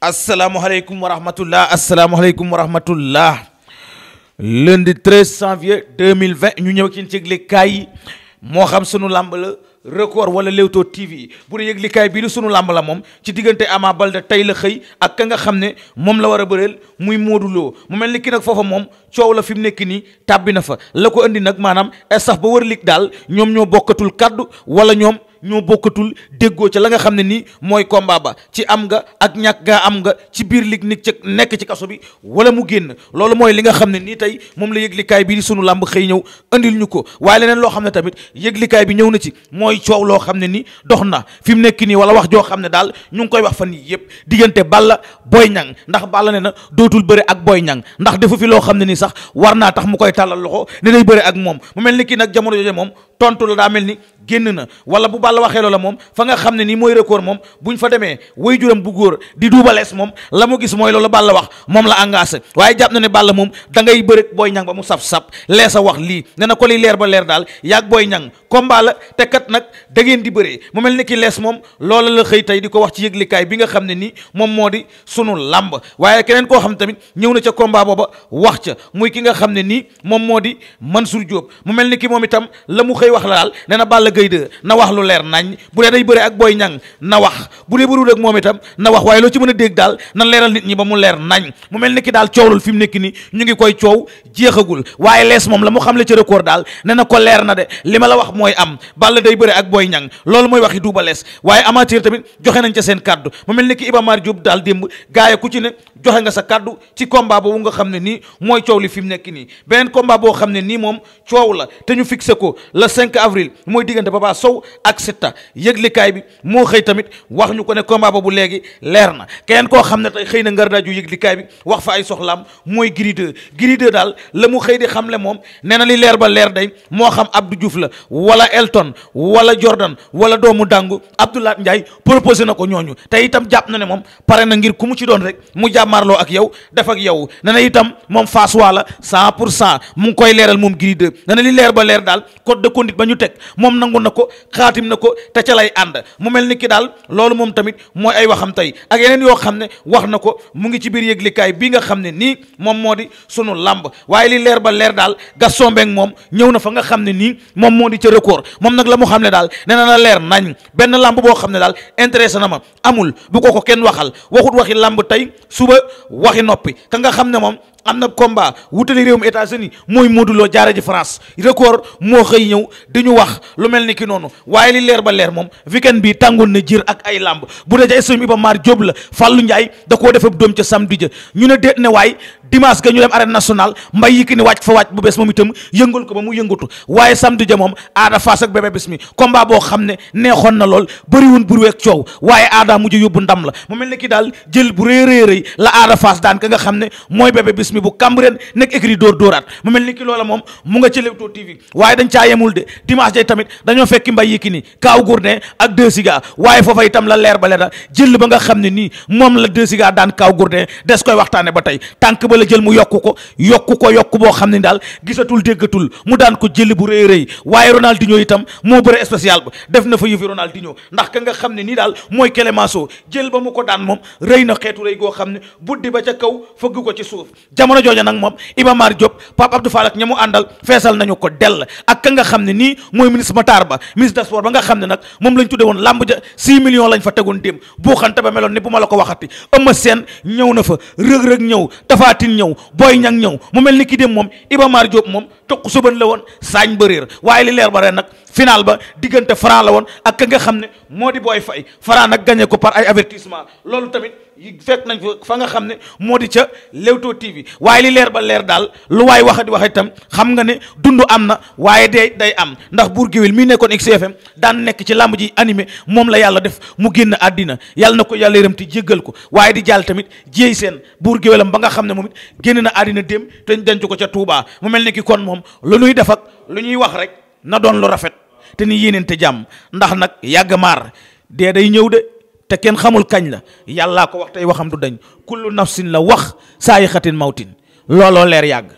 asalaamaaleykum wa rahmatullah asalaamaaleykum wa rahmatullah lundi 13 janvier 2020 ñu ñëw ci yëglekaay yi moo xam sunu làmbala la record wala Leewtoo TV bu dee yëglekaay bii di sunu làmbala moom ci diggante amaa Baldé tey la xëy ak ka nga xam ne moom la war a bëreel muy mooduloo mu mel ni ki nag foofa moom coow la fi mu nekk nii tàbbi na fa la ko indi nag maanaam sax ba wër lig daal ñoom ñoo bokkatul kàddu wala ñoom. ñoo bokkatul déggoo ci la nga xam ne nii mooy combat ba ci am nga ak ñàkk gaa am nga ci biir lig nekk ci kaso bi wala mu génn loolu mooy li nga xam ne nii tey moom la yëglikaay bi di sunu làmb xëy ñëw andil ñu ko waaye leneen loo xam ne tamit yëglikaay bi ñëw na ci mooy coow loo xam ne ni dox na fi mu nekk nii wala wax joo xam ne daal ñu ngi koy wax fan nii yëpp diggante Balla Boy Niang ndax Balla ne na dootul bëre ak Boy ñang ndax defu fi loo xam ne nii sax war naa tax mu koy tàllal loxo ne day bëre ak moom mu mel ni kii nag jamono jooje moom tontu la daa mel ni génn na wala bu Balla waxee loola moom fa nga xam ne nii mooy record moom buñ fa demee way juram bu góor di duubalees moom la mu gis mooy loola Balla wax moom la engagé waaye jàpp na ne Balla moom da ngay bërëg booy ñang ba mu sap-sap lees a wax lii ne na ko leer ba leer daal yaag booy ñang combat la te da ngeen di bëree mu mel ni ki lees moom loola la xëy tey di ko wax ci yëglikaay bi nga xam ne nii moom moo di sunu làmb waaye keneen koo xam tamit ñëw na ca combat booba wax ca muy ki nga xam ne nii moom moo di man Diop mu mel ni ki moom itam la mu xëy koy wax la daal nee na Balla na wax lu leer nañ bu dee day bëre ak Boy Niang na wax bu dee bëruwul ak moom itam na wax waaye loo ci mën a dégg daal na leeral nit ñi ba mu leer nañ mu mel ni ki daal coow loolu fi mu nekk ni ñu ngi koy coow jeexagul waaye lees moom la mu xam le ca record daal ne na ko leer na de li ma la wax mooy am Balla day bëre ak Boy Niang loolu mooy waxi Double Less waaye amateur tamit joxe nañ ca seen kàddu mu mel ni ki Iba Mar Diop daal démb gaaya ku ci ne joxe nga sa kàddu ci combat nga xam ne nii mooy fi mu nekk nii beneen combat boo xam ne nii moom coow la te ñu fixé ko la 5 avril mooy diggante Papa Sow ak Siteu yëglikaay bi moo xëy tamit wax ñu ko ne ba bu léegi leer na keneen koo xam ne tey xëy na ngar daaju yëglikaay bi wax fa ay soxlaam mooy Gris 2 daal la mu xëy di xam xamle moom nee na li leer ba leer day moo xam Abdou Diouf la wala Elton wala Jordan wala doomu dàngu Abdoulaye Ndiaye proposé na ko ñooñu te itam jàpp na ne moom pare na ngir ku mu ci doon rek mu jàmmaarloo ak yow def ak yow nee itam moom Fass waa la pour 100 mu koy leeral moom Gris nit ba ñu teg moom nangu na ko xaatim na ko te ca lay ànd mu mel ni kii daal loolu moom tamit mooy ay waxam tey ak yeneen yoo xam ne wax na ko mu ngi ci biir yëglikaay bii nga xam ne nii moom moo di sunu làmb waaye li leer ba leer daal Gaston Mbengue moom ñëw na fa nga xam ne nii moom moo di ca record moom nag la mu xam ne daal nee la leer nañ benn làmb boo xam ne daal intéressé na ma amul bu ko ko kenn waxal waxut waxi lamb tey suba waxi noppi ka nga xam ne moom am na combat wutali réewum États-Unis mooy Modou Lo jaare ji France record moo xëy ñëw dañu wax lu mel ni ki noonu waaye li leer ba leer moom weekend bi tàngoon na jir ak ay làmb bu dee ja stadium Iba Mar Diop la Fallou Ndiaye da koo defab doom ca samedi ja ñu ne déet ne waay dimanche ga ñu dem arène nationale mbay yi ki ni wàcc fa wàcc bu bees moom itam yëngal ko ba mu yëngatu waaye samedi ja moom aada faas ak bébé bis mi combat boo xam ne neexoon na lool bëriwun buru coow waaye aada mujj yóbbu ndam la mu mel ne ki daal jël bu rëy rëy rëy la aada faas daan ka nga xam ne mooy bébé bis mi bu Cambérène nekk écrit dóor dóoraat mu mel ni ki loola moom mu nga ci Leewtoo TV waaye dañ caa yemul de dimanche day tamit dañoo fekki mbay yi ki ni la leer ba leer jël ba nga xam ne nii moom la deux siga daan kaaw gourne des koy waxtaane ba tey la jël mu yokku ko yokku ko yokku boo xam ne daal gisatul déggatul mu daan ko jëli bu rëy rëy waaye Ronaldinho itam moo bëre spécial ba def na fa yëfi Ronaldinho ndax ka nga xam ne nii daal mooy Clémenceau jël ba mu ko daan moom rëy na xeetu rëy goo xam ne buddi ba ca kaw fëgg ko ci suuf jamono jooja nag moom Iba Mar Diop Pape Abdou Fall ña mu àndal feesal nañu ko dell ak ka nga xam ne nii mooy ministre taar Ba ministre des sports ba nga xam ne nag moom lañ tudde woon làmb ja 6 millions lañ fa tegoon démb boo xante ba meloon ni bu ma la ko waxati Eumeu Sène ñëw na fa Reug Reug ñëw Tine ñëw Boy Niang ñëw mu mel ni ki dem moom Mar Diop moom toq suban la woon saañ ba réer waaye li leer ba ren nag final ba diggante Franc la woon ak ka nga xam ne moo di booy fay Franc nag gagné ko par ay avertissement loolu tamit fekk nañ fa fa nga xam ne moo di ca Leewtoo TV waaye li leer ba leer daal lu waaye waxa di waxe itam xam nga ne dund am na waaye day day am ndax buur géwél mii nekkoon XFM daan nekk ci làmb ji animé moom la yàlla def mu génn àddina yàlla na ko yàlla yërëm te jéggal ko waaye di jàll tamit jéey seen buur géwélam ba nga xam ne moom génn na àddina déem te denc moom lu nuy def lu ñuy wax rek na doon lu rafet te ni yéeneente jàmm ndax nag yàgg maar dee day ñëw de te kenn xamul kañ la yàllaa ko wax tey waxam du dañ kullu nafsin la wax saa yi xatin mawtin looloo leer yàgg